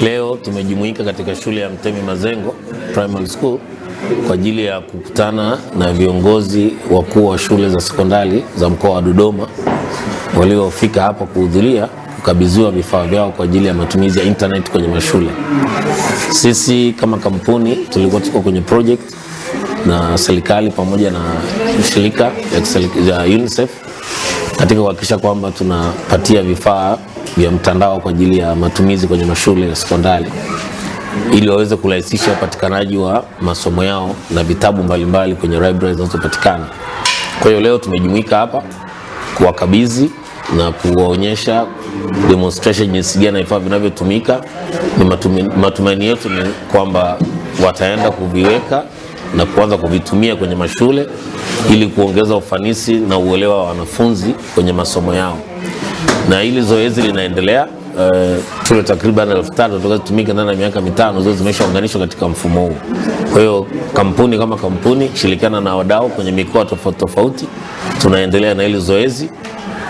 Leo tumejumuika katika shule ya Mtemi Mazengo Primary School kwa ajili ya kukutana na viongozi wakuu wa shule za sekondari za mkoa wa Dodoma waliofika hapa kuhudhuria kukabidhiwa vifaa vyao kwa ajili ya matumizi ya internet kwenye mashule. Sisi kama kampuni tulikuwa tuko kwenye project na serikali pamoja na shirika ya UNICEF katika kuhakikisha kwamba tunapatia vifaa ya mtandao kwa ajili ya matumizi kwenye mashule ya sekondari ili waweze kurahisisha upatikanaji wa masomo yao na vitabu mbalimbali kwenye library zinazopatikana. Kwa hiyo leo tumejumuika hapa kuwakabidhi na kuwaonyesha demonstration jinsi gani vifaa vinavyotumika. Ni matumaini yetu ni kwamba wataenda kuviweka na kuanza kuvitumia kwenye mashule ili kuongeza ufanisi na uelewa wa wanafunzi kwenye masomo yao, na hili zoezi linaendelea. Shule eh, uh, takriban elfu tatu ndani ya miaka mitano zote zimeshaunganishwa katika mfumo huu. Kwa hiyo kampuni kama kampuni shirikiana na wadau kwenye mikoa tofauti tofauti, tunaendelea na hili zoezi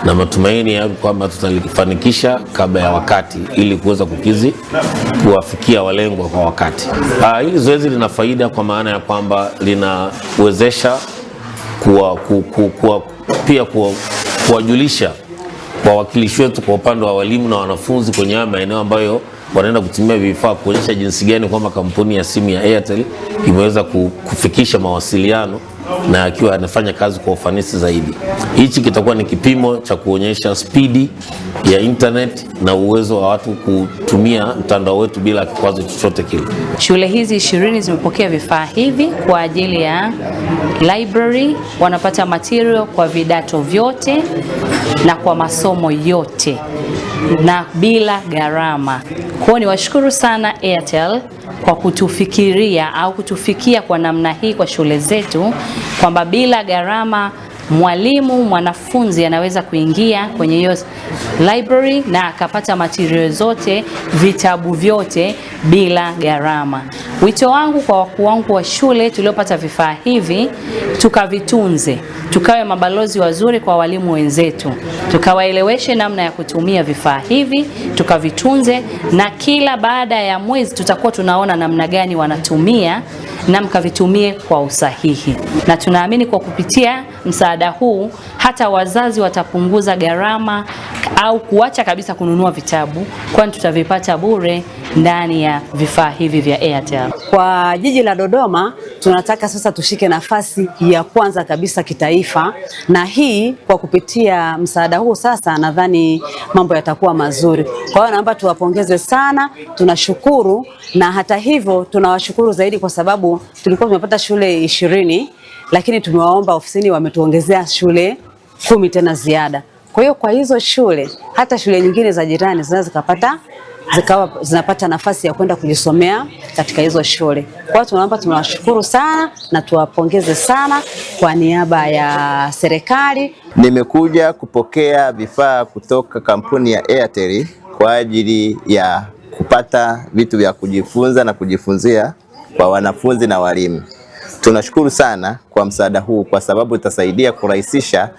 na matumaini ya kwamba tutalifanikisha kabla ya wakati ili kuweza kukizi kuwafikia walengwa kwa wakati. Ah, hili zoezi lina faida kwa maana ya kwamba linawezesha kuwa, ku, ku, kuwa, pia kuwajulisha kwa wawakilishi wetu kwa upande wa walimu na wanafunzi kwenye haya maeneo ambayo wanaenda kutumia vifaa kuonyesha jinsi gani kwamba kampuni ya simu ya Airtel imeweza kufikisha mawasiliano na akiwa anafanya kazi kwa ufanisi zaidi. Hichi kitakuwa ni kipimo cha kuonyesha spidi ya internet na uwezo wa watu kutumia mtandao wetu bila kikwazo chochote kile. Shule hizi ishirini zimepokea vifaa hivi kwa ajili ya library, wanapata material kwa vidato vyote na kwa masomo yote na bila gharama. Kwa ni washukuru sana Airtel kwa kutufikiria au kutufikia kwa namna hii kwa shule zetu kwamba bila gharama mwalimu mwanafunzi anaweza kuingia kwenye hiyo library na akapata material zote vitabu vyote bila gharama. Wito wangu kwa wakuu wangu wa shule tuliopata vifaa hivi, tukavitunze, tukawe mabalozi wazuri kwa walimu wenzetu, tukawaeleweshe namna ya kutumia vifaa hivi, tukavitunze, na kila baada ya mwezi tutakuwa tunaona namna gani wanatumia na mkavitumie kwa usahihi, na tunaamini kwa kupitia msaada huu hata wazazi watapunguza gharama au kuacha kabisa kununua vitabu, kwani tutavipata bure ndani ya vifaa hivi vya Airtel. Kwa jiji la Dodoma tunataka sasa tushike nafasi ya kwanza kabisa kitaifa, na hii kwa kupitia msaada huu sasa, nadhani mambo yatakuwa mazuri. Kwa hiyo naomba tuwapongeze sana, tunashukuru. Na hata hivyo tunawashukuru zaidi kwa sababu tulikuwa tumepata shule ishirini, lakini tumewaomba ofisini, wametuongezea shule kumi tena ziada. Kwa hiyo kwa hizo shule hata shule nyingine za jirani zinaweza zikapata zikawa zinapata nafasi ya kwenda kujisomea katika hizo shule. Kwa hiyo tunaomba, tunawashukuru sana na tuwapongeze sana kwa niaba ya serikali. Nimekuja kupokea vifaa kutoka kampuni ya Airtel kwa ajili ya kupata vitu vya kujifunza na kujifunzia kwa wanafunzi na walimu. Tunashukuru sana kwa msaada huu kwa sababu utasaidia kurahisisha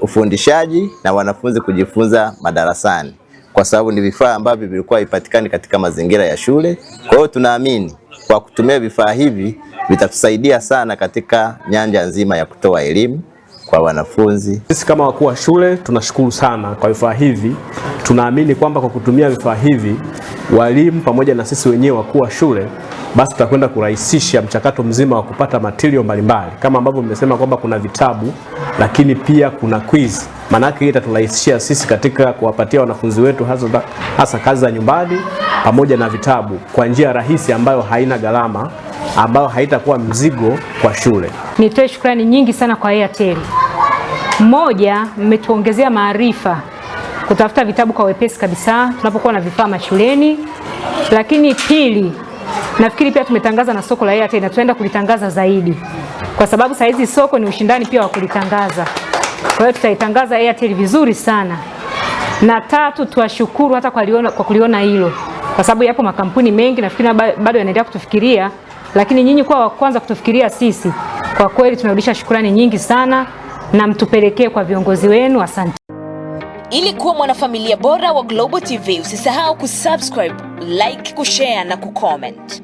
ufundishaji na wanafunzi kujifunza madarasani kwa sababu ni vifaa ambavyo vilikuwa vipatikani katika mazingira ya shule. Kwa hiyo tunaamini kwa kutumia vifaa hivi vitatusaidia sana katika nyanja nzima ya kutoa elimu kwa wanafunzi. Sisi kama wakuu wa shule tunashukuru sana kwa vifaa hivi. Tunaamini kwamba kwa kutumia vifaa hivi, walimu pamoja na sisi wenyewe wakuu wa shule basi tutakwenda kurahisisha mchakato mzima wa kupata material mbalimbali, kama ambavyo mmesema kwamba kuna vitabu, lakini pia kuna quiz. Maana hii itaturahisishia sisi katika kuwapatia wanafunzi wetu hasa, hasa kazi za nyumbani pamoja na vitabu kwa njia rahisi ambayo haina gharama, ambayo haitakuwa mzigo kwa shule. Nitoe shukrani nyingi sana kwa Airtel. Moja, mmetuongezea maarifa kutafuta vitabu kwa wepesi kabisa tunapokuwa na vifaa mashuleni, lakini pili Nafikiri pia tumetangaza na soko la Airtel na tunaenda kulitangaza zaidi, kwa sababu saa hizi soko ni ushindani pia wa kulitangaza. Kwa hiyo tutaitangaza Airtel vizuri sana. Na tatu, tuwashukuru hata kwa, liona, kwa kuliona hilo, kwa sababu yapo makampuni mengi nafikiri bado yanaendelea kutufikiria, lakini nyinyi kwa wa kwanza kutufikiria sisi. Kwa kweli tunarudisha shukrani nyingi sana na mtupelekee kwa viongozi wenu. Asante. Ili kuwa mwanafamilia bora wa Global TV, usisahau kusubscribe like, kushare na kucomment.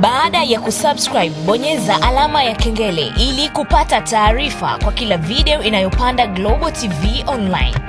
Baada ya kusubscribe, bonyeza alama ya kengele ili kupata taarifa kwa kila video inayopanda Global TV Online.